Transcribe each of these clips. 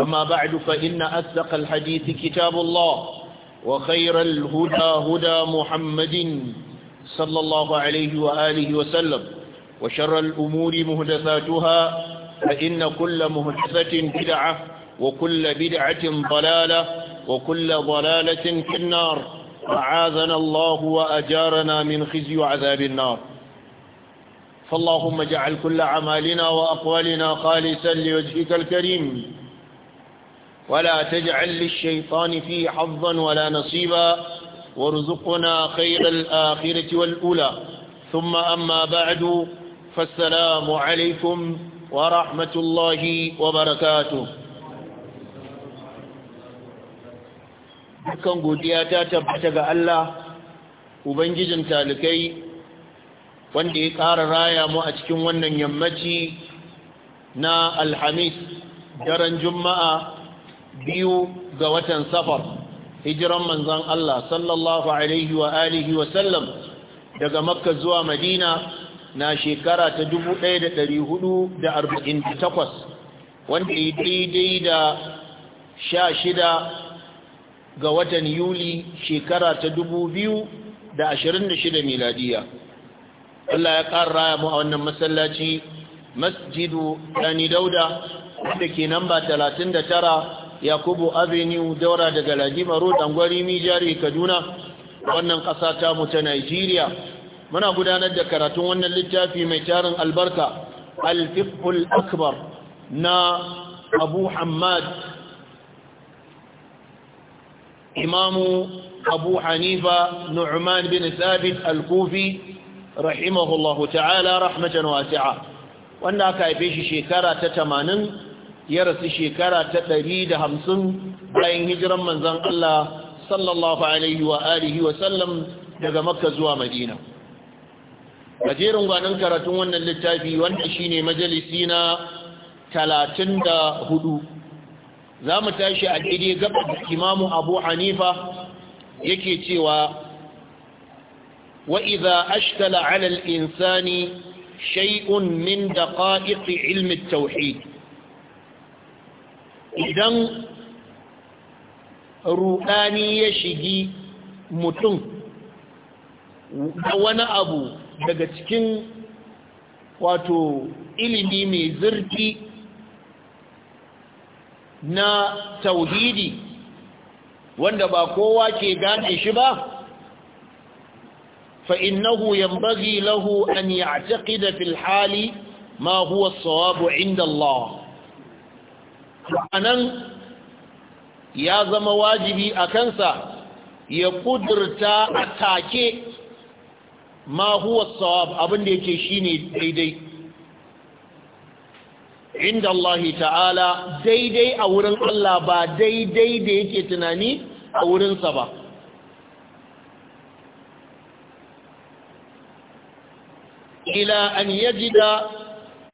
أما بعد فإن أصدق الحديث كتاب الله وخير الهدى هدى محمد صلى الله عليه وآله وسلم وشر الأمور مهدثاتها فإن كل مهدثة بدعة وكل بدعة ضلالة وكل ضلالة في النار أعاذنا الله وأجارنا من خزي عذاب النار فاللهم اجعل كل عمالنا وأقوالنا خالصا لوجهك الكريم ولا تجعل للشيطان فيه حظا ولا نصيبا وارزقنا خير الآخرة والأولى ثم أما بعد فالسلام عليكم ورحمة الله وبركاته dukkan godiya ta tabbata ga Allah ubangijin talikai wanda ya ƙara raya mu a cikin wannan yammaci na alhamis daren juma'a biyu ga watan safar hijiran manzan Allah sallallahu alaihi wa alihi wa sallam daga makka zuwa madina na shekara ta 1448 wanda ya daidai da 16 ga watan yuli shekara ta 2026 miladiya Allah ya ƙara mu a wannan masallaci masjidu ɗani dauda wanda ke namba tara. yakubu avenue daura daga Lajima road angwari mijari kaduna wannan ƙasa ta mu ta nigeria muna gudanar da karatun wannan littafi mai tarin albarka alfiqhul akbar na abu hamad imamu abu hanifa nu'man bin thabit al-kufi rahimahullahu ta'ala rahmatan wasi'a wanda aka haife shi shekara ta tamanin. ya rasu shekara ta ɗari da hamsin bayan hijiran manzan Allah sallallahu alaihi wa alihi wa sallam daga makka zuwa madina a jerin gwanin karatun wannan littafi wanda shine majalisi na talatin da hudu za mu tashi a daidai gaba da imamu abu hanifa yake cewa wa iza ashkala alal insani shay'un min daqa'iq ilmi tauhid idan ruɗani ya shigi mutum da wani abu daga cikin wato ilimi mai zurfi na tauhidi wanda ba kowa ke gane shi ba فإنه ينبغي له أن يعتقد في الحال ما هو الصواب عند الله anan ya zama wajibi a kansa ya kudurta a take ma huwa sawab abinda yake shine daidai inda Allah ta'ala daidai a wurin Allah ba daidai da yake tunani a wurinsa ba ila an yajida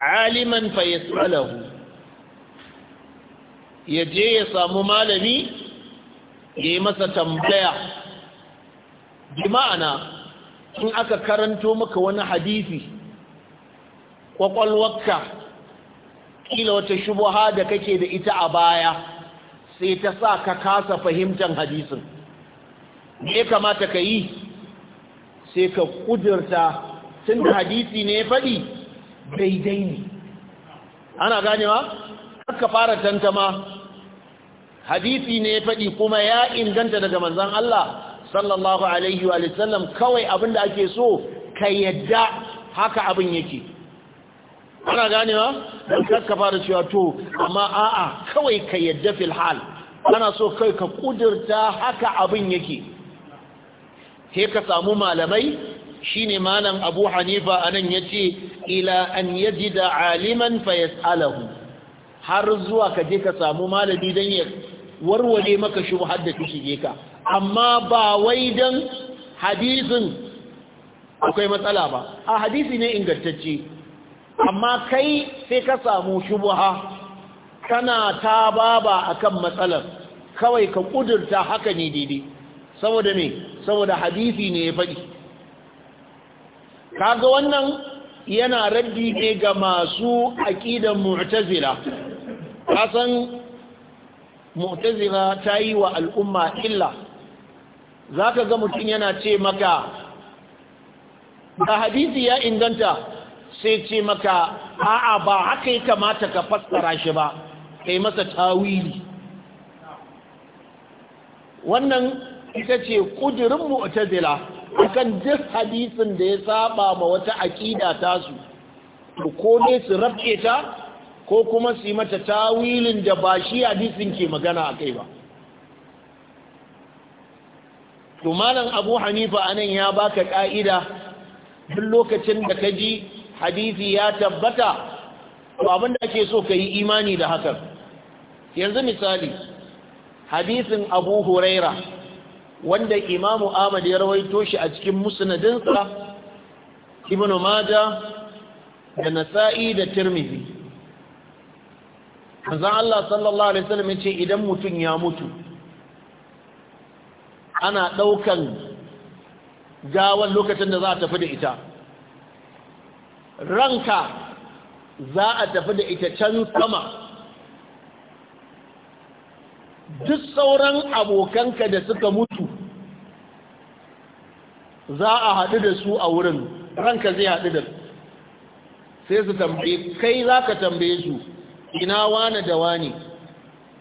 aliman fa yas'alahu ya je ya samu malami ya yi masa tambaya bi ma'ana in aka karanto maka wani hadisi kwakwalwakka, kila wata shubuha da kake da ita a baya sai ta sa ka kasa fahimtar hadisin me kamata ka yi sai ka kudurta tun da hadisi ne ya faɗi daidai ne ana ganewa ka fara tantama hadisi ne ya faɗi kuma ya inganta daga manzon Allah sallallahu alaihi wa sallam kawai abinda ake so ka yadda haka abin yake ana ganewa don fara cewa to amma a'a kawai ka yadda fil hal ana so kai ka kudurta haka abin yake sai ka samu malamai shine malam Abu Hanifa anan yace ila an yajida aliman fayasalahu har zuwa ka je ka samu malami dan ya warware maka shubhar da take ka amma ba wai dan hadisin akwai matsala ba a hadisi ne ingantacce amma kai sai ka samu shubha kana ta baba akan matsalar kawai ka kudurta haka ne daidai saboda me saboda hadisi ne ya faɗi kaga wannan yana raddi ne ga masu aƙidan mu'tazila kasan mu'tazila ta yi wa al'umma illa za ka ga mutum yana ce maka da hadisi ya inganta sai ce maka a'a ba haka yi kamata ka fassara shi ba kai masa tawili wannan ita ce ƙudurin mu'tazila akan duk hadisin da ya saba ma wata aƙida tasu ko ne su rabke ta ko kuma su yi mata tawilin da ba shi hadisin ke magana a kai ba tumalan abu hanifa a nan ya baka ƙa'ida duk lokacin da ka ji hadisi ya tabbata abin abinda ake so ka yi imani da hakan yanzu misali hadisin abu huraira wanda imamu ahmad ya rawaito shi a cikin musnadinsa Ibn majah da nasa'i da tirmidhi manzan Allah sallallahu Alaihi wasallam ya ce idan mutum ya mutu ana ɗaukan gawan lokacin da za a tafi da ita ranka za a tafi da ita can sama duk sauran abokanka da suka mutu za a haɗu da su a wurin ranka zai haɗu da sai su tambaye kai za ka tambaye su ina wane da wane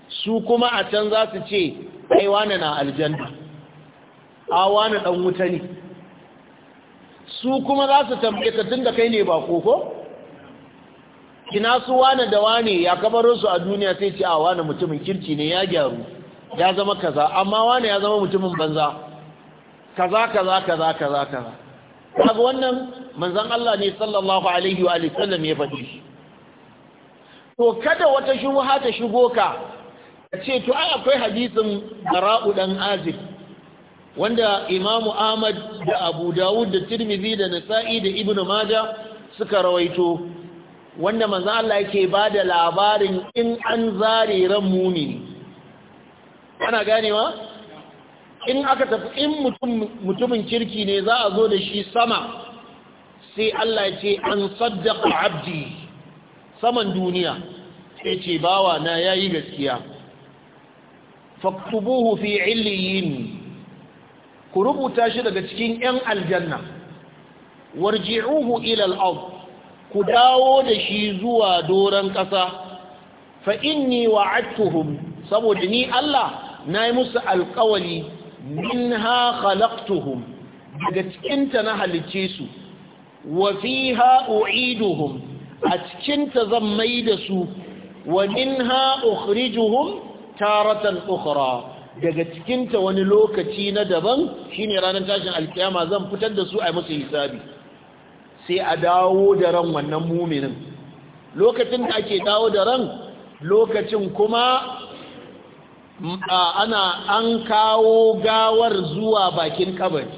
su kuma a can za su ce ai wane na aljanna a wane dan wuta ne su kuma za su tambaye tun da kai ne ba koko ina su wane da wane ya kabarin su a duniya sai ce a wane mutumin kirci ne ya gyaru ya zama kaza amma wane ya zama mutumin banza kaza kaza kaza kaza kaza kaga wannan manzon Allah ne sallallahu alaihi wa sallam ya faɗi to kada wata shubha ta shigo ka ka ce to ai akwai hadisin bara'u dan azib wanda imamu ahmad da abu dawud da tirmidhi da nasa'i da ibnu maja suka rawaito wanda manzo Allah yake bada labarin in an zare ran mumini ana ganewa in aka tafi in mutum mutumin kirki ne za a zo da shi sama sai Allah ya ce an saddaqa abdi saman duniya sai ce bawa na yayi gaskiya faktubuhu fi illiyin ku rubuta shi daga cikin yan aljanna warji'uhu ila al-ard ku dawo da shi zuwa doran kasa fa inni wa'adtuhum saboda ni Allah nayi musu alƙawali minha khalaqtuhum daga cikinta na halicce su wa fiha u'iduhum a cikinta zan mai da su wa minha ukhrijuhum taratan ukhra daga cikinta wani lokaci na daban shine ranar tashin alkiyama zan fitar da su a musu hisabi sai a dawo da ran wannan muminin lokacin da ake dawo da ran lokacin kuma mm, ana an kawo gawar zuwa bakin kabari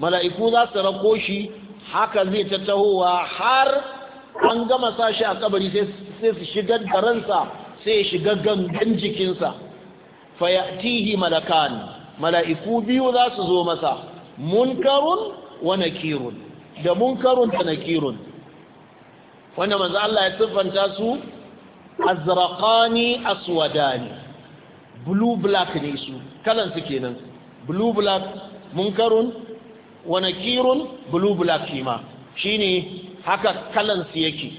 mala'iku za su rako shi haka zai ta tahowa har an gama sa shi a kabari sai su shiga da ransa sai shiga gangan jikinsa fayatihi malakan mala'iku biyu za su zo masa munkarun wa nakirun da munkarun da nakirun wanda manzo Allah ya siffanta su azraqani aswadani blue black ne su kalan su kenan blue black munkarun wa nakirun blue black kima shine haka kalansu yake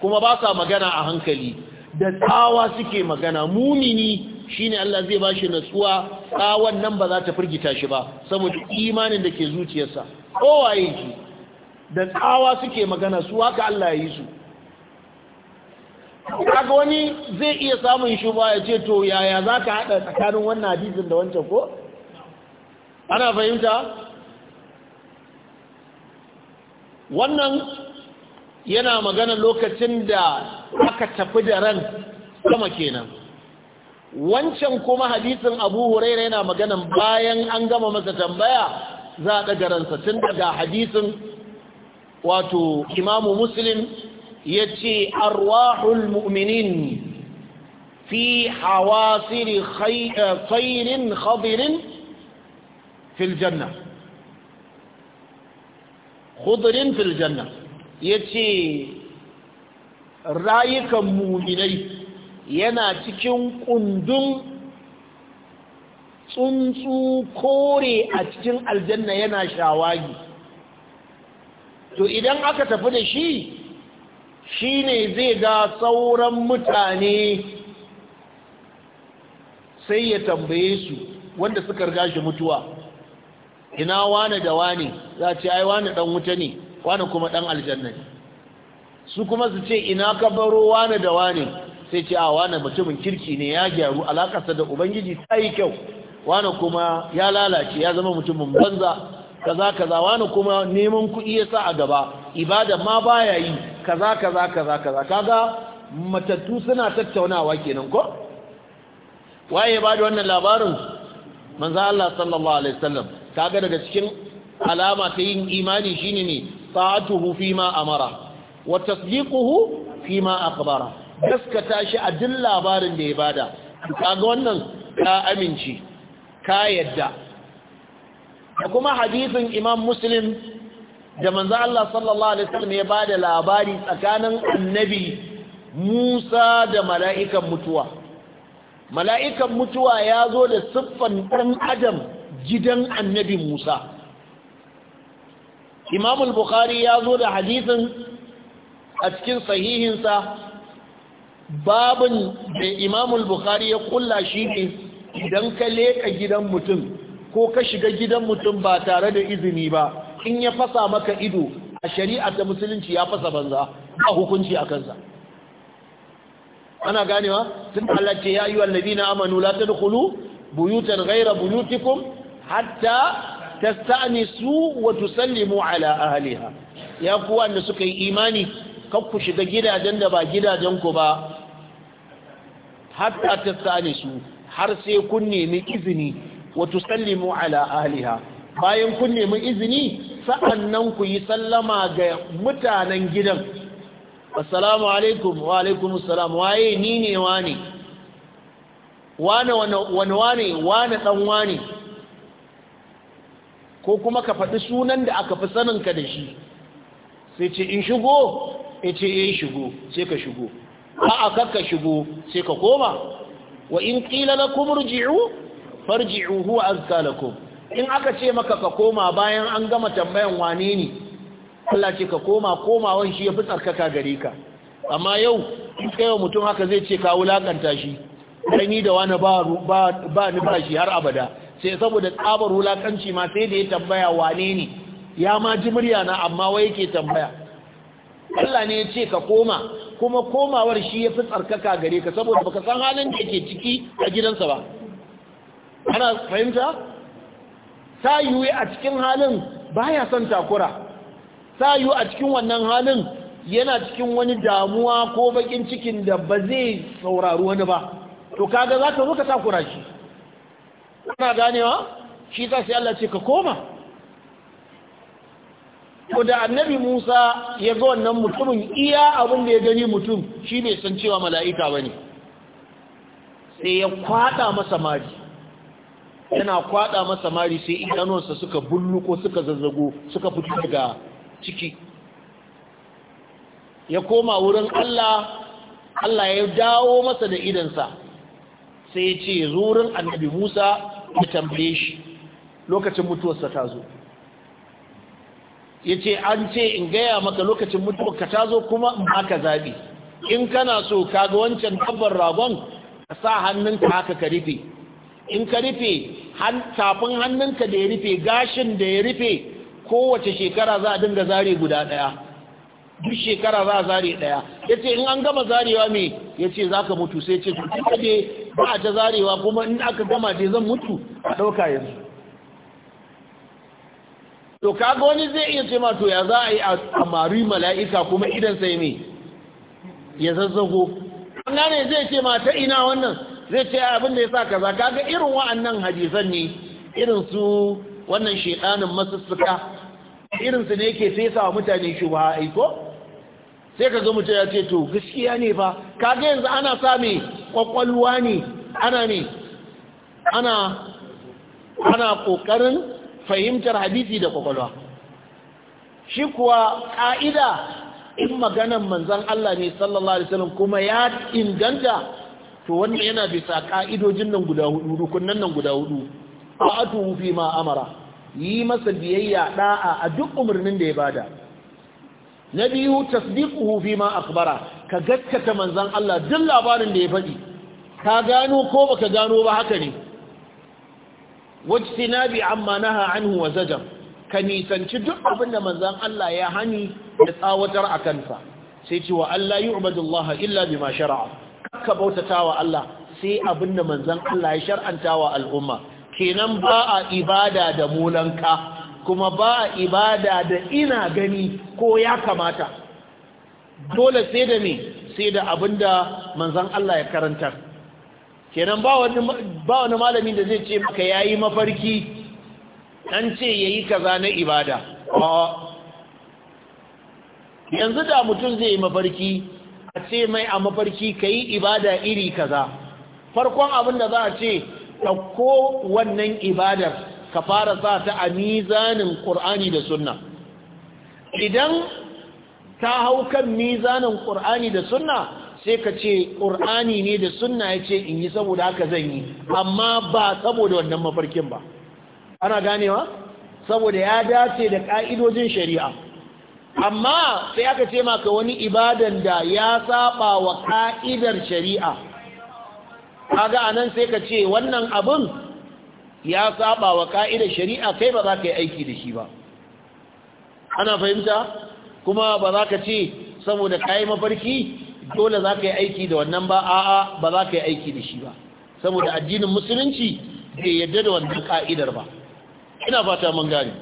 kuma ba sa magana a hankali da tsawa suke magana mumini shine Allah zai ba shi natsuwa tsawon nan ba za ta firgita shi ba saboda imanin da ke zuciyarsa kowaye ki da tsawa suke magana su haka Allah ya yi su kaga wani zai iya samun ba ya ce to yaya za ka haɗa tsakanin wannan hadisin da wancan ko? ana fahimta? wannan yana magana lokacin da aka tafi da ran sama kenan wancan kuma hadisin abu huraira yana magana bayan an gama masa tambaya za a ɗaga ransa tun daga hadisin wato imamu muslim ya ce arwahul mu'minin fi hawasiri eh, khairin khadirin fil janna fil janna ya ce rayukan muminai yana cikin kundin tsuntsu kore a cikin aljanna yana shawagi to idan aka tafi da shi shi ne zai ga sauran mutane sai ya tambaye su wanda suka riga shi mutuwa ina wane da wane za ce ai wane dan wuta ne wani kuma ɗan aljanna ne su kuma su ce ina ka baro wani da wani sai ce a wani mutumin kirki ne ya gyaru alakarsa da ubangiji ta yi kyau wani kuma ya lalace ya zama mutumin banza kaza kaza wani kuma neman kuɗi ya sa a gaba ibada ma baya yi kaza kaza kaza kaza kaga matattu suna tattaunawa kenan ko waye ba da wannan labarin manzo Allah sallallahu alaihi wasallam kaga daga cikin alama ta yin imani shine ne ta'atuhu fi ma amara wa tasdiquhu fi ma akhbara gaskata shi a duk labarin da ya bada kaga wannan ka aminci ka yadda da kuma hadisin imam muslim da manzo Allah sallallahu alaihi wasallam ya bada labari tsakanin annabi Musa da mala'ikan mutuwa mala'ikan mutuwa ya zo da siffan ɗan adam gidan annabi Musa imam al-bukhari ya zo da hadisin a cikin sahihinsa babin da imam al-bukhari ya kulla shi ne idan ka leka gidan mutum ko ka shiga gidan mutum ba tare da izini ba in ya fasa maka ido a shari'a ta musulunci ya fasa banza ba hukunci a kansa ana ganewa tun Allah ce ya yi wallabi na amanu la ta buyutan gaira buyutikum hatta tasta'nisu wa tusallimu ala ahliha ya kuwa da suka yi imani kan ku shiga gidajen da ba gidajen ku ba hatta tasta'nisu har sai kun nemi izini wa tusallimu ala ahliha bayan kun nemi izini sa'annan ku yi sallama ga mutanen gidan assalamu alaikum wa alaikum assalam waye ni ne wane wane wane wane wane dan wane ko kuma ka faɗi sunan da aka fi saninka da shi sai ce in shigo ya ce yi eh, shigo sai ka shigo a'a kakka shigo sai ka koma wa in ƙila na kuma rujiru farjiru huwa an kalakon in aka ce maka ka koma bayan an gama tambayan wane ne Allah ce ka koma komawan shi ya fi tsarkaka gare ka amma yau in kai wa mutum haka zai ce ka wulakanta shi ɗani da wani ba ba ni ba shi har abada sai saboda tsabar wulakanci ma sai da ya tambaya wane ne ya ma ji murya na amma wai yake tambaya Allah ne ya ce ka koma kuma komawar shi ya fi tsarkaka gare ka saboda baka san halin da yake ciki a gidansa ba ana fahimta ta yiwu a cikin halin baya son takura ta yiwu a cikin wannan halin yana cikin wani damuwa ko bakin cikin da ba zai saurari wani ba to kaga za ka zo ka takura shi kuna ganewa shi su sai Allah ce ka koma ko da annabi Musa ya zo wannan mutumin iya abin da ya gani mutum shi bai san cewa mala'ika ba ne. sai ya kwada masa mari yana kwada masa mari sai idanunsa suka bullu ko suka zazzago suka fito daga ciki ya koma wurin Allah Allah ya dawo masa da idansa sai ce zurin annabi musa ya tambaye shi lokacin mutuwarsa ta zo ya ce an ce in gaya maka lokacin mutuwarka ta zo kuma in baka zaɓi in kana so ka ga wancan dabbar ragon ka sa hannunka haka ka rufe in ka rufe tafin hannunka da ya rufe gashin da ya rufe kowace shekara za a dinga zare guda ɗaya duk shekara za a zare ɗaya ya ce in an gama zarewa me ya ce za ka mutu sai ce tuka ne ba a ta zarewa kuma in aka gama ce zan mutu a ɗauka yanzu to kaga wani zai iya ce mato to ya za a yi a mari mala'ika kuma idan sai me ya zazzago an gane zai ce mata ina wannan zai ce abin da ya sa kaza kaga irin wa'annan hadisan ne irin su wannan shedanin masussuka irin su ne yake fesa wa mutane shubha aiko sai ka gama ya ce to gaskiya ne fa ga yanzu ana sami kwakwalwa ne ana ne ana ana kokarin fahimtar hadisi da kwakwalwa shi kuwa ka'ida in maganan manzan Allah ne sallallahu alaihi wasallam kuma ya inganta to wannan yana bisa ka'idojin nan guda hudu rukunan nan guda hudu fa'atu fi ma amara yi masa biyayya da'a a duk umarnin da ya bada na biyu tasdiquhu fi ma akhbara ka gaskata manzon Allah duk labarin da ya faɗi ka gano ko baka gano ba haka ne wajtinabi amma naha anhu wa zajar ka nisanci duk abin da manzon Allah ya hani da tsawatar a kansa sai ce wa Allah yu'badu Allah illa bima shar'a kakka bautatawa Allah sai abin da manzon Allah ya shar'anta wa al'umma kenan ba a ibada da mulanka kuma ba ibada da ina gani ko ya kamata dole sai da me sai da abinda manzan Allah ya karanta kenan ba wani malami da zai ce maka yayi mafarki an ce yayi kaza na ibada yanzu da mutum zai yi mafarki a ce mai a mafarki ka ibada iri kaza farkon abin da za a ce ɗauko wannan ibadar ka fara sa ta a mizanin ƙur'ani da sunna idan ta hau kan mizanin ƙur'ani da sunna sai ka ce ƙur'ani ne da sunna ya ce in yi saboda haka zan yi amma ba saboda wannan mafarkin ba ana ganewa saboda ya dace da ƙa'idojin shari'a amma sai aka ce maka wani ibadan da ya saba wa ƙa'idar shari'a kaga anan sai ka ce wannan abin ya saba wa ka'idar shari'a kai ba za ka yi aiki da shi ba ana fahimta kuma ba za ka ce saboda ka yi mafarki dole za ka yi aiki da wannan ba a'a ba za ka yi aiki da shi ba saboda addinin musulunci bai yadda da wannan ka'idar ba ina fata mun gane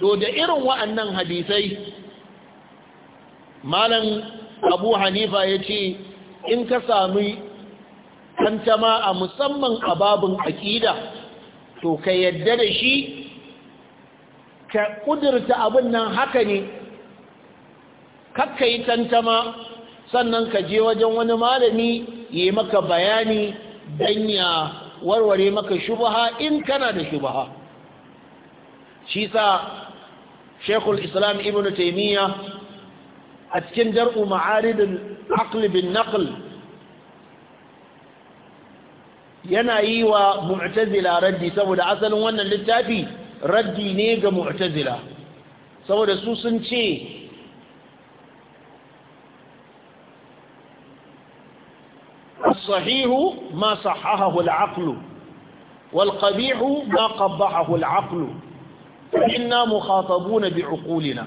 to da irin wa'annan hadisai malam abu hanifa ya ce in ka sami tantama a musamman a babun aƙida to ka yadda da shi ka ƙudurta abin nan haka ne kakka yi tantama sannan ka je wajen wani malami ya yi maka bayani don ya warware maka shubaha in kana da shubaha shi sa shekul islam ibn taimiyya a cikin jar'u ma'aridin aqlibin naql yana yi wa mu'tazila raddi saboda asalin wannan littafi raddi ne ga mu'tazila saboda su sun ce sahihu ma sahahahu al-aql wal qabih ma qabbahahu al-aql inna mukhatabuna bi'uqulina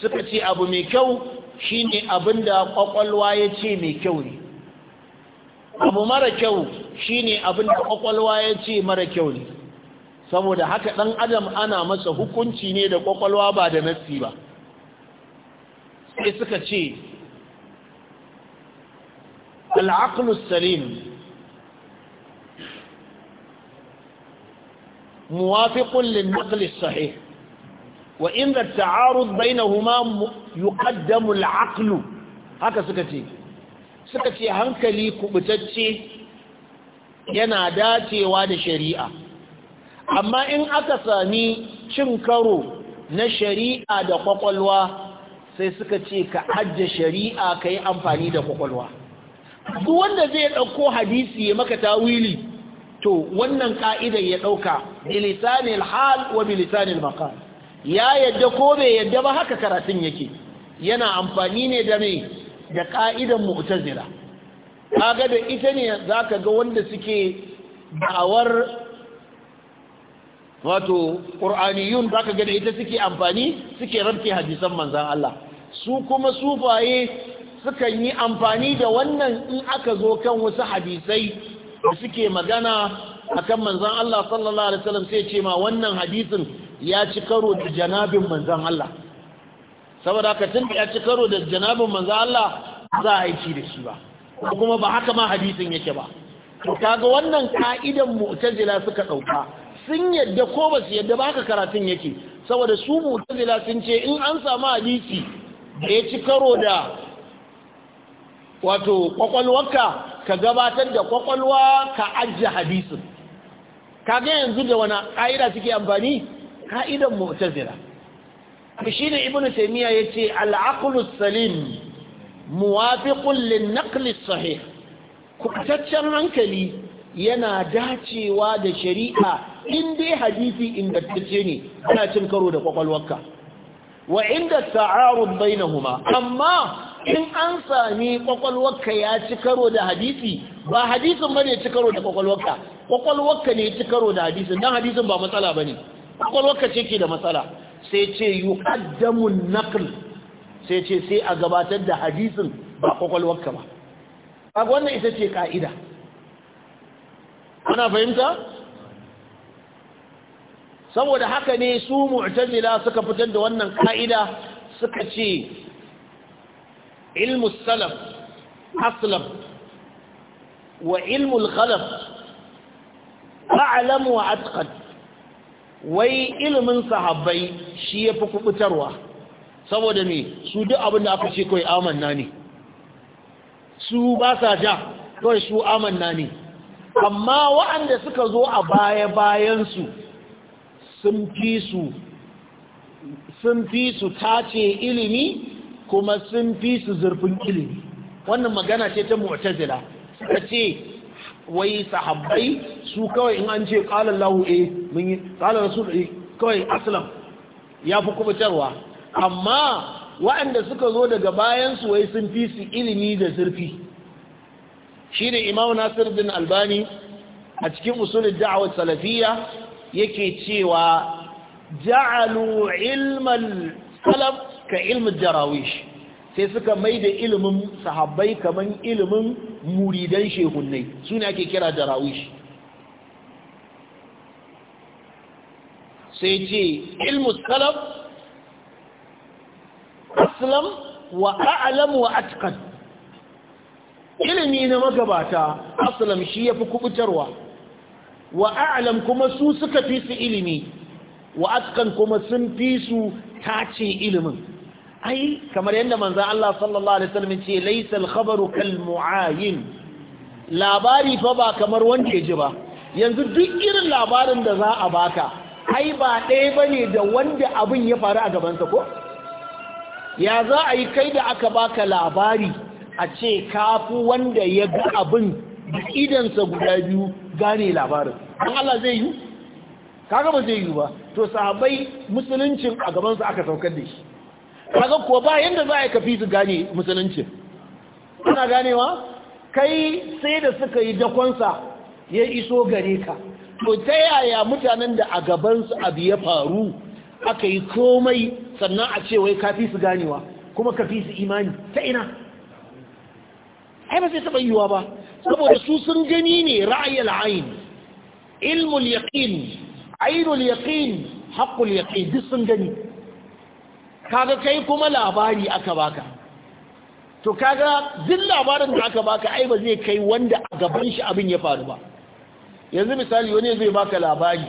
suka ce abu mai kyau shine abinda ya ce mai kyau ne abu mara kyau shine abin da kwakwalwa ya ce mara kyau ne saboda haka ɗan adam ana masa hukunci ne da kwakwalwa ba da nassi ba sai suka ce al'aqlu salim muwafiqun lin naqli sahih wa inda ta'arud bainahuma yuqaddamu al'aqlu haka suka ce suka ce hankali kubutacce yana dacewa da shari'a amma in aka sami cin karo na shari'a da kwakwalwa sai suka ce ka hajja shari'a ka yi amfani da kwakwalwa duk wanda zai ɗauko hadisi ya maka tawili to wannan ka'idar ya ɗauka bilisanil hal wa bilisanil maqal ya yadda ko bai yadda ba haka karatun yake yana amfani ne da mai da ka'idar mu'tazila ga da ita ne za ka ga wanda suke da'awar wato ƙur'aniyun za ka ga da ita suke amfani suke rarke hadisan manzan Allah su kuma sufaye sukan yi amfani da wannan in aka zo kan wasu hadisai da suke magana akan manzan Allah sallallahu alaihi wasallam sai ce ma wannan hadisin ya ci karo da janabin manzan Allah saboda ka tun da ya ci karo da janabin manzan Allah za a aiki da shi ba ko kuma ba haka ma hadisin yake ba to kaga wannan ka'idan mu'tazila suka dauka sun yadda ko ba su yadda ba ka karatun yake saboda su mu'tazila sun ce in an samu hadisi da ya ci karo da wato kwakwalwarka ka gabatar da kwakwalwa ka ajiye hadisin kaga yanzu da wani ka'ida suke amfani ka'idan mu'tazila shi ne ibnu taymiya yace al-aqlu salim muwafiqun lin-naqli sahih kubtaccen hankali yana dacewa da shari'a in dai hadisi ingantacce ne ana cin karo da kwakwalwarka wa inda ta'arud bainahuma amma in an sami kwakwalwarka ya ci karo da hadisi ba hadisin bane ya ci karo da kwakwalwarka kwakwalwarka ne ya ci karo da hadisin dan hadisin ba matsala bane kwakwalwarka ce ke da matsala sai ce yuqaddamu naql sai ce sai a gabatar da hadisin ba kwakwalwarka ba a wannan ita ce ka'ida ana fahimta saboda haka ne su mu'tazila suka fitar da wannan ka'ida suka ce ilmu salaf aslam wa ilmu al-khalaf wa atqad wai ilimin sahabbai shi yafi kubutarwa saboda me su duk abin da aka ce kawai amanna ne su ba sa ja kawai su amanna ne amma waɗanda suka zo a baya-bayansu sun fi su sun fi su tace ilimi kuma sun fi su zurfin ilimi wannan magana ce ta mu'tazila suka ce wai sahabbai su kawai in an ce qala Allahu eh, mun yi eh, kawai aslam ya fi kubutarwa amma waɗanda suka zo daga bayansu wai sun fi su ilimi da zurfi shi ne imamu nasir bin albani a cikin usulun da'awar salafiya yake cewa ja'alu ilmal salaf ka ilmin jarawish sai suka mai da ilimin sahabbai kamar ilimin muridan shehunnai su ne ake kira jarawish sai ce ilmin salaf aslam wa a'lam wa atqan ilimi na magabata aslam shi yafi kubutarwa wa a'lam kuma su suka fi su ilimi wa atqan kuma sun fi su tace ilimin ai kamar yadda manzo Allah sallallahu alaihi wasallam ce laysa al-khabaru kal mu'ayin labari fa ba kamar wanda ya ji ba yanzu duk irin labarin da za a baka ai ba ɗaya bane da wanda abin ya faru a gabansa ko ya za a yi kai da aka baka labari a ce kafu wanda ya ga abin da idansa guda biyu gane labarin don Allah zai yi kaga ba zai yi ba to sahabbai musuluncin a gabansa aka saukar da shi kaga ko ba yanda za a kafi su gane musuluncin kuna ganewa kai sai da suka yi dakonsa ya iso gare ka to ta yaya mutanen da a gabansu abu ya faru aka yi komai sannan a ce wai kafi su ganewa kuma kafi su imani ta ina ai ba sai taɓa yiwuwa ba saboda su sun gani ne ra'ayil ayn ilmul yaƙin, ainul yaƙin, haqqul yaƙin, duk sun gani kaga kai kuma labari aka baka to kaga duk labarin da aka baka ai ba zai kai wanda a gaban shi abin ya faru ba yanzu misali wani zai baka labari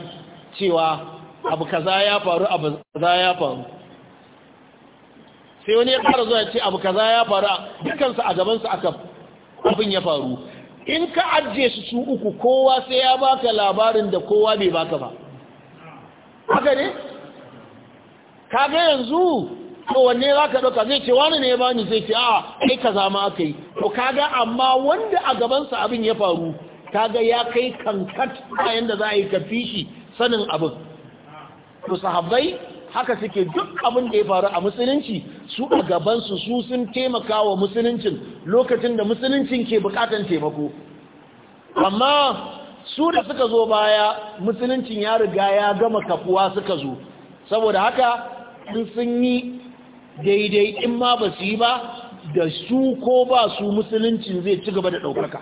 cewa abu kaza ya faru abu kaza ya faru sai wani ya ƙara zuwa ce abu kaza ya faru dukansu a gabansu aka abin ya faru in ka ajiye su su uku kowa sai ya baka labarin da kowa bai baka ba haka ne kaga yanzu to wanne za ka ɗauka zai ce wani ne ya bani zai ce a kai kaza ma kai yi to kaga amma wanda a gabansa abin ya faru kaga ya kai kankat bayan da za a yi ka fishi sanin abin to sahabbai haka suke duk abin da ya faru a musulunci su a gabansu su sun taimaka wa musuluncin lokacin da musuluncin ke bukatan taimako amma su da suka zo baya musuluncin ya riga ya gama kafuwa suka zo saboda haka in sun yi daidai in ma ba su yi ba da su ko ba su musuluncin zai ci gaba da ɗaukaka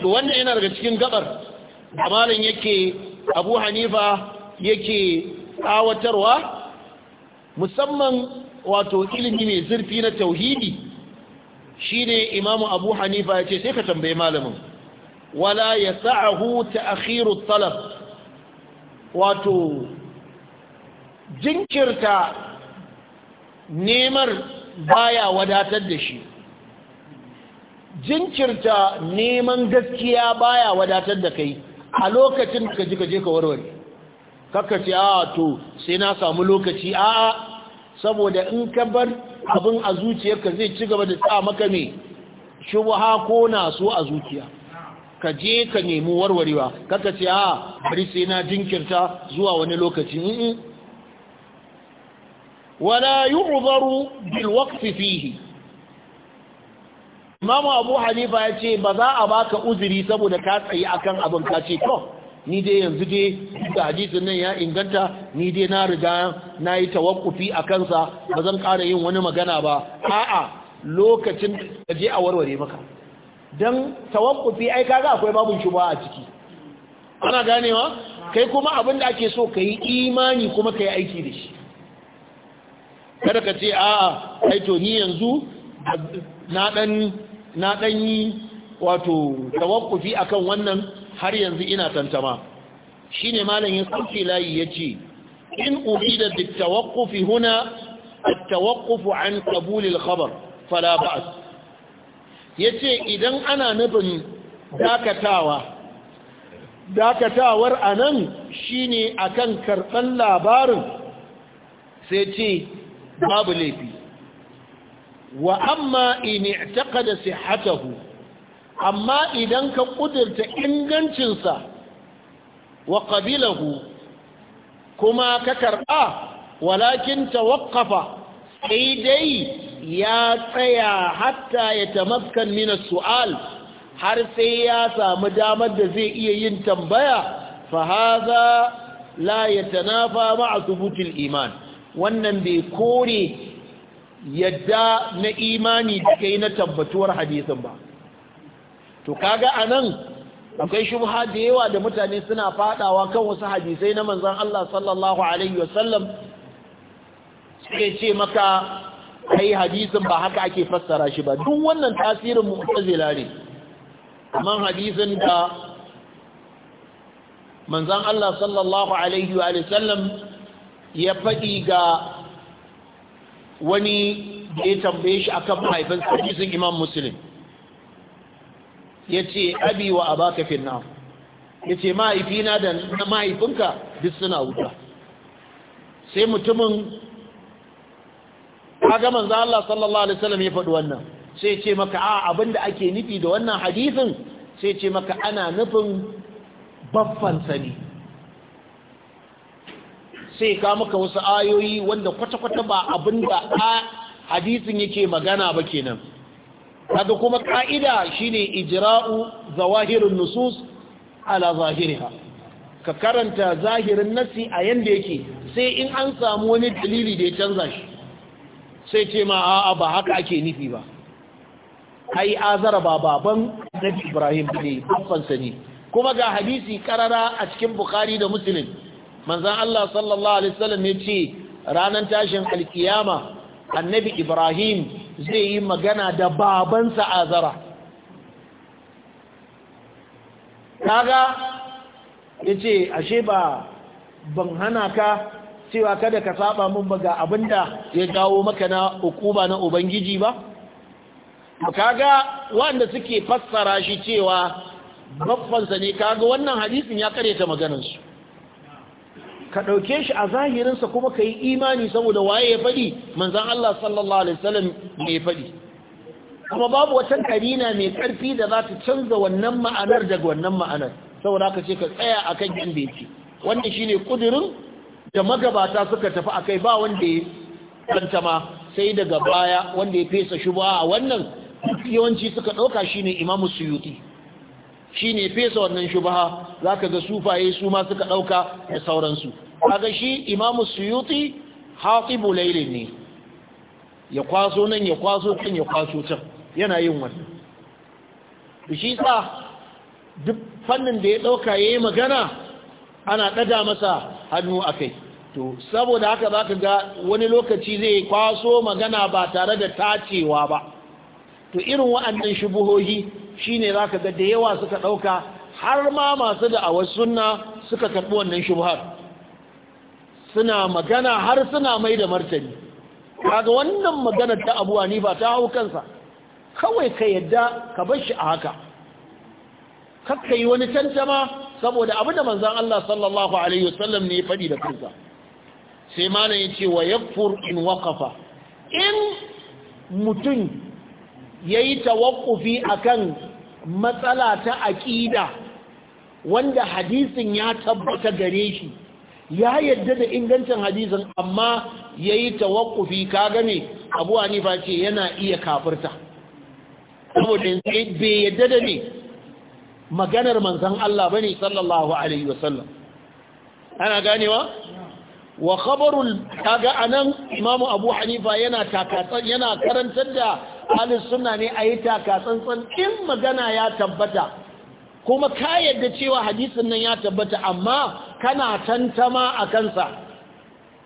to wannan yana daga cikin gabar da malin yake abu hanifa yake tsawatarwa musamman wato ilimi mai zurfi na tauhidi shine imamu abu hanifa ya ce sai ka tambaye malamin wala ya sa'ahu akhiru talab wato jinkirta nemar baya wadatar da shi jinkirta neman gaskiya baya wadatar da kai a lokacin ka ji ka je ka warware kakka ce a ah, to sai na samu lokaci a saboda in ka bar abin a zuciyarka zai ci gaba da sa maka mai shubha ko na so a zuciya ka je ka nemi warwarewa kakka ce a ah, bari sai na jinkirta zuwa wani lokaci wala yu'zaru bil waqti fihi Imamu Abu Hanifa ya ce ba za a baka uzuri saboda ka tsayi akan abin ka ce to ni dai yanzu dai da hadisin nan ya inganta ni dai na riga na yi tawakkufi a kansa ba zan ƙara yin wani magana ba a'a lokacin da je a warware maka don tawakkufi ai kaga akwai babun shuba a ciki ana ganewa kai kuma abin da ake so ka yi imani kuma ka yi aiki da shi kada ka ce a'a ai to ni yanzu na ɗan yi wato tawakkufi akan wannan har yanzu ina tantama shine malam ya sauke layi yace in urida da tawaqquf huna at tawaqquf an qabul khabar fala Ya ce idan ana nufin dakatawa dakatawar anan shine akan karɓar labarin sai ce babu laifi wa amma in i'taqada sihhatahu amma idan ka ƙudurta ingancinsa wa ƙabilahu kuma ka karɓa walakin tawakkafa sai dai ya tsaya hatta ya tamaskan mina su'al har sai ya samu damar da zai iya yin tambaya fahaza la ya tanafa ma'a subutul iman wannan bai kore yadda na imani da kai na tabbatuwar hadisin ba to kaga anan akwai shubha da yawa da mutane suna fadawa kan wasu hadisai na manzon Allah sallallahu alaihi wasallam sai ce maka kai hadisin ba haka ake fassara shi ba duk wannan tasirin mu'tazila ne kaman hadisin da manzon Allah sallallahu alaihi wa sallam ya faɗi ga wani da ya tambaye shi akan mahaifinsa hadisin Imam Muslim ya ce abi wa abaka finna ya ce mahaifina da mahaifinka duk suna wuta sai mutumin agaman za Allah sallallahu alaihi wasallam ya faɗi wannan sai ce maka a abinda ake nufi da wannan hadisin sai ce maka ana nufin baffan sani sai ka maka wasu ayoyi wanda kwata-kwata ba abinda a hadithin yake magana ba kenan kaga kuma ka'ida shine ijra'u zawahirin nusus ala zahiriha ka karanta zahirin nasi a yanda yake sai in an samu wani dalili da ya canza shi sai ce ma a'a ba haka ake nufi ba ai azara ba baban nabi ibrahim ne babbansa sani. kuma ga hadisi karara a cikin bukhari da muslim manzon Allah sallallahu alaihi wasallam ya ce ranar tashin alkiyama annabi ibrahim zai yi magana da babansa azara kaga ya ce ashe ba ban hana ka cewa kada ka saba mun ba ga abinda ya gawo maka na hukuma na ubangiji ba kaga wanda suke fassara shi cewa baffansa ne kaga wannan hadisin ya karyata maganarsu ka ɗauke shi a zahirinsa kuma ka yi imani saboda waye ya faɗi manzan Allah sallallahu Alaihi wasallam ne ya faɗi kuma babu wata karina mai ƙarfi da za ta canza wannan ma'anar daga wannan ma'anar saboda ka ce ka tsaya a kan yan beki wanda shi ne ƙudurin da magabata suka tafi a kai ba wanda ya tantama sai daga baya wanda ya fesa ba a wannan yawanci suka ɗauka shi ne imamu suyuti shi ne fesa wannan shubaha za ka ga sufaye su ma suka ɗauka da sauransu kaga shi imamu suyuti hatibu lailin ne ya kwaso nan ya kwaso kan ya kwaso can yana yin wannan shi sa duk fannin da ya ɗauka ya yi magana ana ɗaga masa hannu a kai to saboda haka za ka ga wani lokaci zai kwaso magana ba tare da tacewa ba to irin wa'annan shubuhohi shine za ka ga da yawa suka ɗauka har ma masu da awa sunna suka karɓi wannan shubuhar suna magana har suna mai da martani kaga wannan magana ta Abu ba ta hau kansa kawai ka yadda ka bar shi a haka kakka yi wani tantama saboda abinda manzon Allah sallallahu alaihi wasallam ne ya da kansa sai ya ce wa yakfur in waqafa in mutun yayi a akan matsala ta aƙida, wanda hadisin ya tabbata gare shi ya yadda da ingancin hadisin amma yayi tawakufi ka gane Abu Hanifa ce yana iya kafirta saboda eh, bai yadda da ne maganar manzan Allah bane sallallahu alaihi wasallam ana ganewa wa khabarul kaga anan imamu abu hanifa yana takatsan yana karantar da ahlus sunna ne a ayi takatsantsan in magana ya tabbata kuma ka yadda cewa hadisin nan ya tabbata amma kana tantama a kansa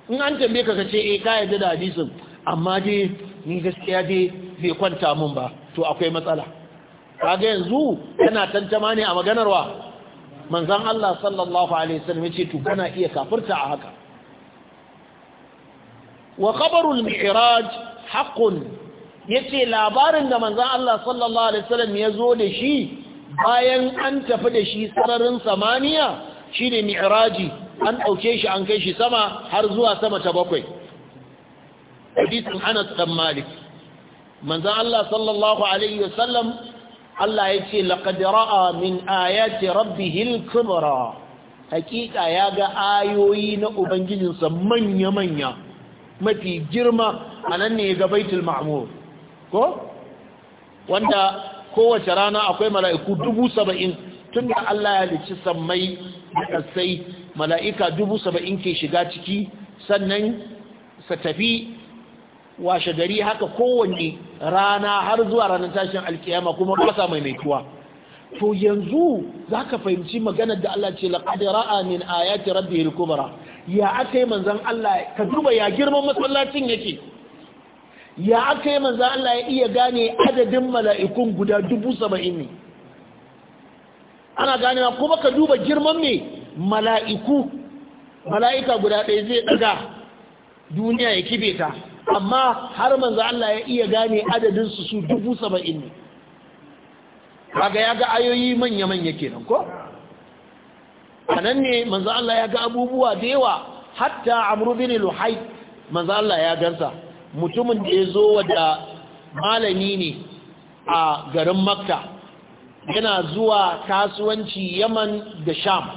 in an tambaye ka kace eh ka yadda da hadisin amma dai ni gaskiya dai bai kwanta mun ba to akwai matsala kaga yanzu kana tantama ne a maganarwa manzon Allah sallallahu alaihi wasallam yace to kana iya kafirta a haka wa khabarul mi'raj haqqun yace labarin da manzon Allah sallallahu alaihi wasallam ya zo da shi bayan an tafi da shi sararin samaniya shine mi'raji an ɗauke shi an kai shi sama har zuwa sama ta bakwai hadisin Anas dan Malik manzon Allah sallallahu alaihi wasallam Allah yace laqad ra'a min ayati rabbihil kubra hakika ya ga ayoyi na ubangijinsa manya manya mafi girma a nan ne ga baitul ma'mur ko wanda kowace rana akwai mala'iku dubu saba'in tun da Allah ya lici sammai da sai mala'ika dubu saba'in ke shiga ciki sannan sa tafi washe gari haka kowanne rana har zuwa ranar tashin alkiyama kuma kasa mai mai kuwa to yanzu za ka fahimci maganar da Allah ce laqad ra'a min ce rabbi kubra ya aka yi manzan Allah ka duba ya girman masallacin yake ya aka yi manzon Allah ya iya gane adadin mala'ikun guda dubu saba'in ne ana ganewa kuma ka duba girman mai mala'iku mala'ika guda ɗaya zai ɗaga duniya ya kibe ta amma har manzo Allah ya iya gane adadinsu su dubu saba'in ne kaga ya ga ayoyi manya-manya kenan ko a ne manzo Allah ya ga abubuwa da yawa hatta amru bin luhai manzo Allah ya gansa mutumin da ya zo da malami ne a garin makka yana zuwa kasuwanci yaman da sham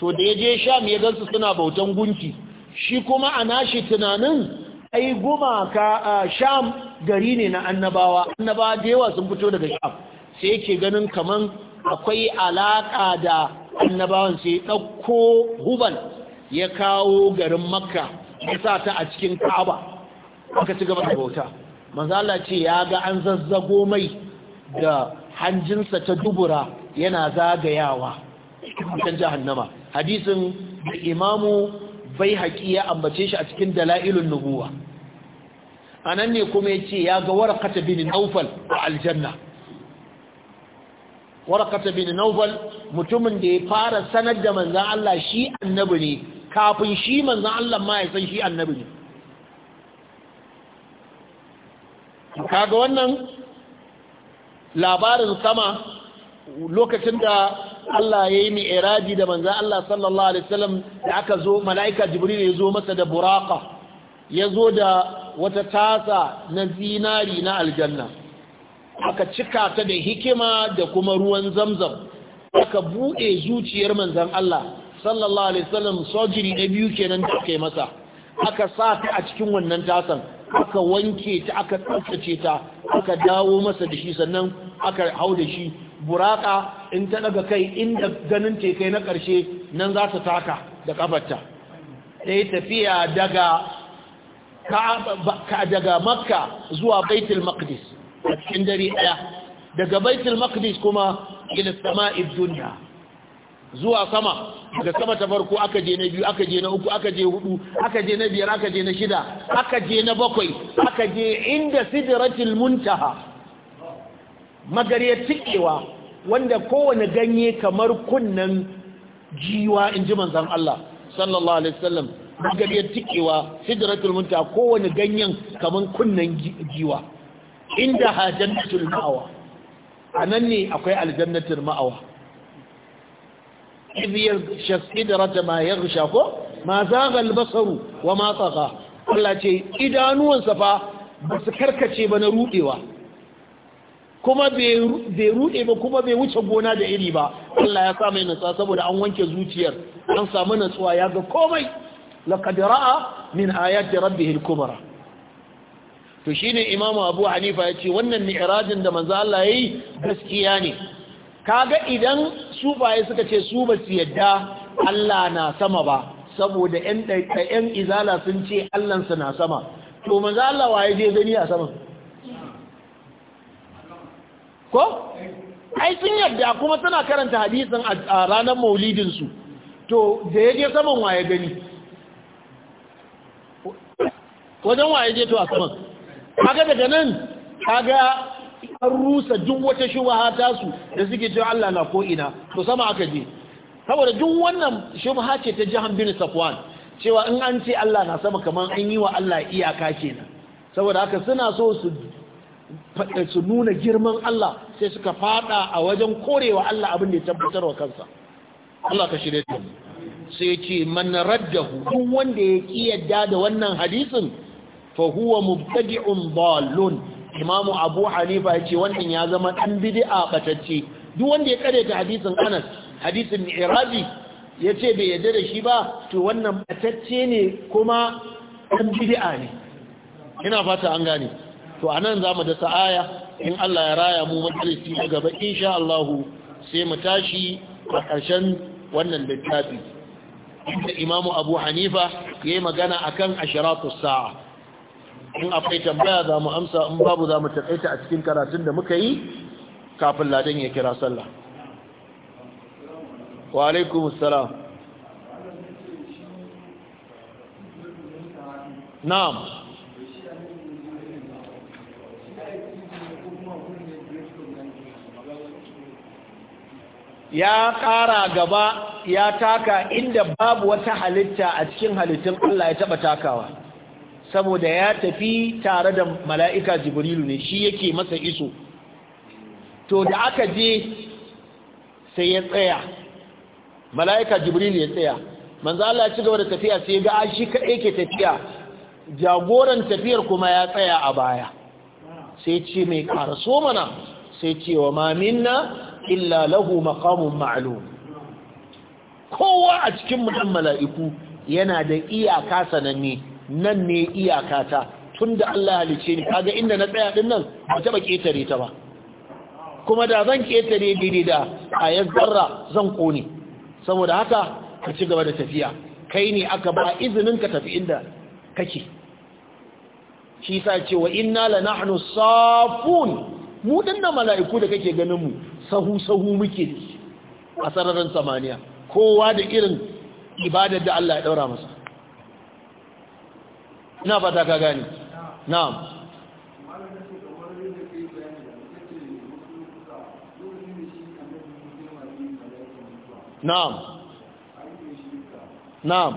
to da ya je sham ya gansu suna bautan gunki shi kuma a nashi tunanin ai gumaka a sham gari ne na annabawa annabawa da yawa sun fito daga sham sai yake ganin kamar akwai alaka da annabawan sai ɗauko huban ya kawo garin makka ya sa ta a cikin ka'aba aka ci gaba da bauta manzala ce ya ga an zazzago mai da hanjinsa ta dubura yana zagayawa cikin jahannama hadisin da imamu bai haƙi ya ambace shi a cikin dala'ilun nubuwa a nan ne kuma ya ce ya ga warakata bin naufal a aljanna warakata bin naufal mutumin da ya fara sanar da manzan Allah shi annabi ne kafin shi manzan Allah ma ya san shi annabi ne kaga wannan labarin sama lokacin da Allah ya yi mi'iraji da manzan Allah sallallahu Alaihi wasallam da aka zo mala'ika jibril ya zo masa da buraka ya zo da wata tasa na zinari na aljanna aka cika ta da hikima da kuma ruwan zamzam aka buɗe zuciyar manzan Allah sallallahu Alaihi wasallam sojiri na biyu kenan da aka yi masa aka sa ta a cikin wannan tasan aka wanke ta aka tsaftace ta aka dawo masa da shi sannan aka hau da shi buraka in ta daga kai inda ganin tekai na ƙarshe nan za ta taka da kafarta sai tafiya daga ka daga makka zuwa baitul maqdis a cikin dare ɗaya daga baitul maqdis kuma ila sama'id duniya zuwa sama da sama ta farko aka je na biyu aka je na uku aka je hudu aka je na biyar aka je na shida aka je na bakwai aka je inda sidratul muntaha magariyar tikewa wanda kowane ganye kamar kunnan jiwa inji ji manzan Allah sallallahu alaihi wasallam magariyar tikewa sidratul muntaha kowane ganyen kamar kunnan jiwa inda hajjannatul ma'awa anan ne akwai aljannatul ma'awa idh yaghsha sidrata ma yaghsha ko ma zagha al fa ba su karkace ba na ruɗewa kuma bai rude ba kuma bai wuce gona da iri ba Allah ya sa mai saboda an wanke zuciyar an samu natsuwa ya ga komai laqad ra'a min ayati rabbih al-kubra to shine imamu abu hanifa ce wannan ne mi'rajin da manzo Allah yayi gaskiya ne kaga idan su baye suka ce su ba su yadda Allah na sama ba saboda ƴan izala sun ce Allahnsu na sama to manzo Allah waye je gani a sama ko ai sun yadda kuma suna karanta hadisin a ranar maulidin su to da yaje saman waye gani wajen waye je to a saman kaga daga nan kaga an rusa duk wata shubha tasu da suke cewa Allah na ko ina to sama aka je saboda duk wannan shubha ce ta Jahan bin Safwan cewa in an ce Allah na sama kamar an yi wa Allah iyaka kenan saboda haka suna so su su nuna girman Allah sai suka fada a wajen korewa Allah abin da ya tabbatar wa kansa Allah ka shirye ta sai ce man raddahu duk wanda ya ki da wannan hadisin fa huwa mubtadi'un dalun imamu abu hanifa ya ce wannan ya zama ɗan bidi'a batacce duk wanda ya kareta hadisin anas hadisin mi'raji ya ce bai yadda da shi ba to wannan batacce ne kuma ɗan bid'a ne ina fata an gane to anan zamu dasa aya in Allah ya raya mu majalisi na gaba insha allahu sai mu tashi a ƙarshen wannan littafi inda imamu abu hanifa ya yi magana akan ashiratus sa'a in akwai tambaya za mu amsa in babu za mu taƙaita a cikin karatun da muka yi kafin ladan ya kira sallah wa alaikum salam na'am ya ƙara gaba ya taka inda babu wata halitta a cikin halittun Allah ya taɓa takawa saboda ya tafi tare da mala'ika jibrilu ne shi yake masa iso to da aka je sai ya tsaya mala'ika jibrilu ya tsaya manzo Allah ya ci gaba da tafiya sai ga shi kaɗai ke tafiya jagoran tafiyar kuma ya tsaya a baya sai ce mai ƙaraso mana sai ce wa maminna illa lahu maƙamun ma'alu kowa a cikin mutum mala'iku yana da iyaka sananne nan ne iyakata tun da Allah halice ni kaga inda na tsaya din nan ba taɓa ƙetare ta ba kuma da zan ƙetare daidai da ayar zarra zan ƙone saboda haka ka ci gaba da tafiya kai ne aka ba izinin ka tafi inda kake shi sa ce wa inna la nahnu safun mu mala'iku da kake ganin mu sahu sahu muke a sararin samaniya kowa da irin ibadar da Allah ya daura masa ina fata ka gani na'am na'am na'am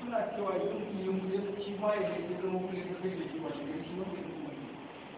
suna cewa yin yin yadda shi ma ya zama kuma ya zama shi wanda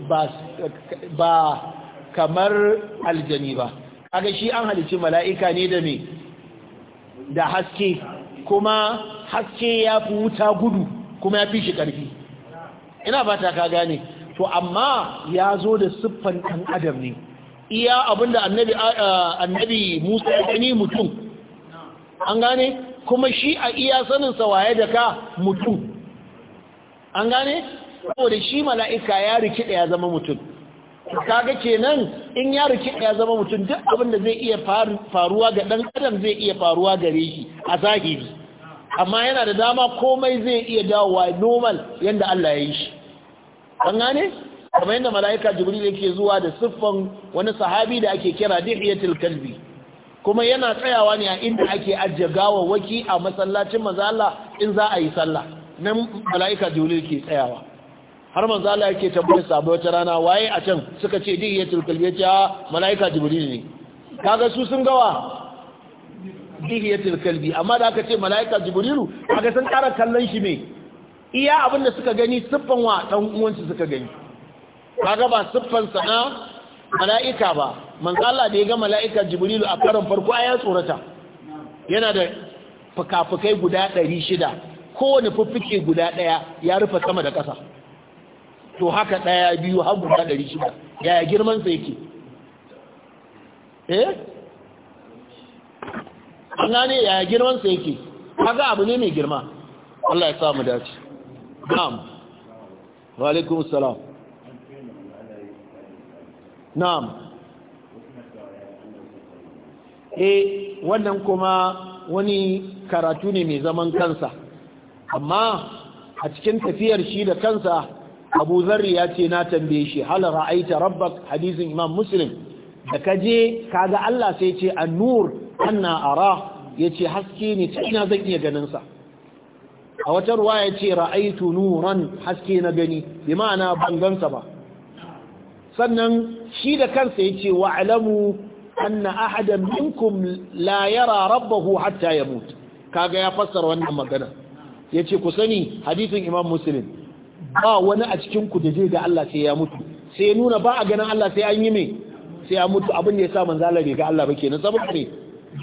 ba kamar aljani ba aga shi an halici mala'ika ne da me da haske kuma haske ya fi wuta gudu kuma ya fi shi ƙarfi ina ba ta ka gane to amma ya zo da siffan ɗan adam ne iya abinda annabi Musa ya gani mutum an gane kuma shi a iya saninsa waye da ka mutum an gane saboda shi mala'ika ya rikida ya zama mutum kaga kenan in ya rikida ya zama mutum duk abin da zai iya faruwa ga ɗan adam zai iya faruwa gare shi a zahiri amma yana da dama komai zai iya dawowa normal yanda Allah ya yi shi an gane kamar yadda mala'ika jibril yake zuwa da siffan wani sahabi da ake kira dihiyatul kalbi kuma yana tsayawa ne a inda ake ajiye waki a masallacin maza Allah in za a yi sallah nan mala'ika jibril ke tsayawa har manzo Allah yake tabbata sabo wata rana waye a can suka ce dihiyatul kalbi ce ah, malaika jibril ne kaga su sun gawa dihiyatul kalbi amma da aka ce malaika jibrilu kaga sun kara kallon shi me iya abin da suka gani siffan wa dan uwansu suka gani kaga ba siffan sa na malaika ba manzo Allah da ya ga malaika jibrilu a karon farko ya tsorata yana da fuka-fukai guda 600 kowane fuffuke guda daya ya rufe sama da ƙasa to haka ɗaya biyu har guda ɗari shida yaya girmansa yake eh an gane yaya girmansa yake haka abu ne mai girma Allah ya sa mu dace na'am wa alaikum salam na'am eh wannan kuma wani karatu ne mai zaman kansa amma a cikin tafiyar shi da kansa abu zarri ya ce na tambaye shi hal ra'aita rabbak hadisin imam muslim da kaje kaga Allah sai ce an-nur anna ara yace haske ne ta ina zan iya ganin sa a wata ruwa ya ce ra'aitu nuran haske na gani bi ma'ana gansa ba sannan shi da kansa ya ce wa alamu anna ahadan minkum la yara rabbahu hatta yamut kaga ya fassara wannan magana yace ku sani hadisin imam muslim ba wani a cikin ku da zai ga Allah sai ya mutu sai ya nuna ba a ganin Allah sai an yi mai sai ya mutu abin da ya sa manzala bai ga Allah ba kenan saboda ne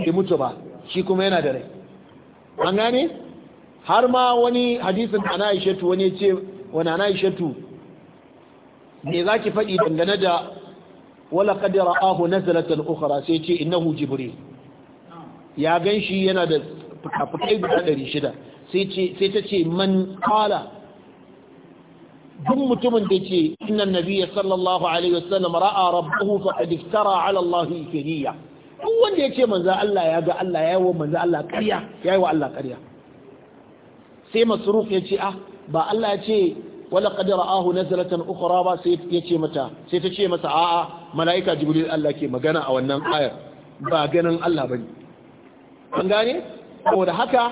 bai mutu ba shi kuma yana da rai an gane har ma wani hadisin ana aishatu wani ce wani ana aishatu me zaki faɗi dangane da wala qad ra'ahu nazalatan ukhra sai ce innahu jibril ya ganshi yana da fukafukai guda ɗari shida sai ta ce man kala duk mutumin da ce inna nabiyya sallallahu alaihi wasallam ra'a rabbahu faqad iftara ala Allah kiriya duk wanda ya ce manzo Allah ya ga Allah yayi wa manzo Allah ƙarya yayi wa Allah ƙarya sai masruf ce ah ba Allah ya ce wala qad ra'ahu nazlatan ukhra ba sai yace mata sai ta ce masa a'a malaika jibril Allah ke magana a wannan ayar ba ganin Allah bane an gane saboda haka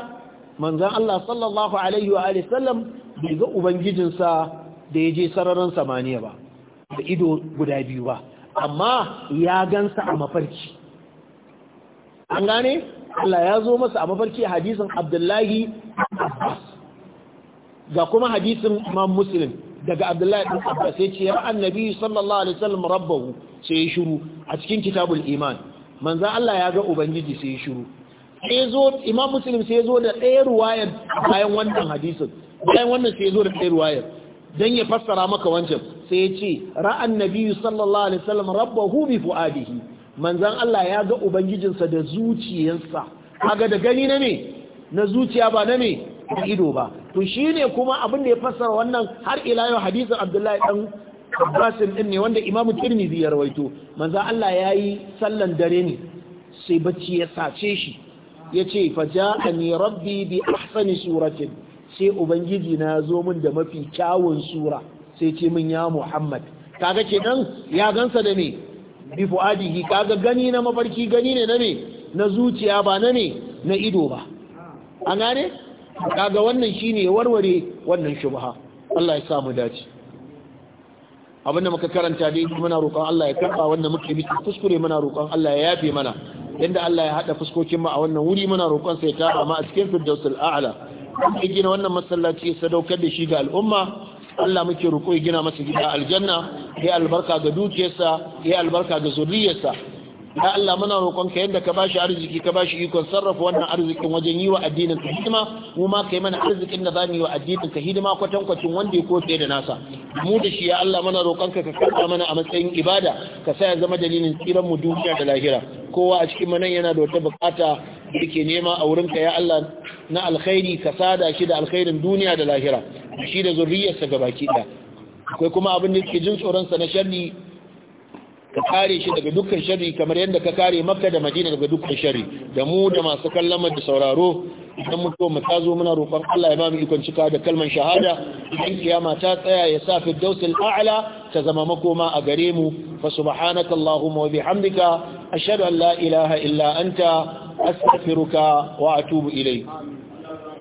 manzon Allah sallallahu alaihi wa alihi sallam bai ga ubangijinsa da ya je sararin samaniya ba da ido guda biyu ba amma ya gansa a mafarki an gane Allah ya zo masa a mafarki hadisin Abdullahi Abbas ga kuma hadisin Imam Muslim daga Abdullahi ɗan Abbas ya ce ya annabi sallallahu alaihi wasallam rabbahu sai ya shiru a cikin kitabul iman manzo Allah ya ga ubangiji sai ya shiru sai zo Imam Muslim sai ya zo da ɗaya ruwayar bayan wannan hadisin bayan wannan sai ya zo da ɗaya ruwayar don ya fassara maka wancan sai ya ce ra'an nabiyu sallallahu alaihi wasallam rabbahu bi fu'adihi manzan Allah ya ga ubangijinsa da zuciyarsa kaga da gani na me na zuciya ba na me da ido ba to shine kuma abin da ya fassara wannan har ila yau hadisin Abdullahi dan Abbas din ne wanda Imam Tirmidhi ya rawaito manzan Allah yayi sallan dare ne sai bacci ya sace shi yace faja'ani rabbi bi ahsani suratin sai ubangiji na zo min da mafi kyawun sura sai ce min ya muhammad kaga kenan ya gansa da me bi fuadihi kaga gani na mafarki gani ne na me na zuciya ba na me na ido ba an gane kaga wannan shine warware wannan shubha Allah ya sa mu dace abinda muka karanta dai muna roƙon Allah ya karba wannan muke miki kuskure muna roƙon Allah ya yafe mana yanda Allah ya hada fuskokin mu a wannan wuri muna roƙon sa ya tara mu a cikin firdausul a'la ya gina wannan masallaci ya sadaukar da shi ga al'umma Allah muke roƙo ya gina masa gida aljanna ya albarka ga dukiyarsa ya albarka ga zuriyarsa ya Allah muna roƙon ka yadda ka bashi arziki ka bashi ikon sarrafa wannan arzikin wajen yi wa addinin ka hidima mu ma kai mana arzikin da zamu yi wa addinin ka hidima kwatan kwacin wanda ya kofe da nasa mu da shi ya Allah muna roƙon ka ka karɓa mana a matsayin ibada ka sa ya zama dalilin tsiran mu duniya da lahira kowa a cikin manan yana da wata bukata ke nema a wurinka ya Allah na alkhairi ka sada shi da alkhairin duniya da lahira shi da zurriyarsa baki ɗaya akwai kuma abin da yake jin tsoronsa na sharri ka kare shi daga dukkan sharri kamar yadda ka kare makka da madina daga dukkan sharri da mu da masu kallama da sauraro idan mutuwa mata zo muna roƙon Allah ya ba mu ikon cika da kalman shahada idan kiyama ta tsaya ya sa fi dausul a'la ta zama makoma a gare mu fa subhanaka allahumma wa bihamdika ashhadu an la ilaha illa anta astaghfiruka wa atubu ilayk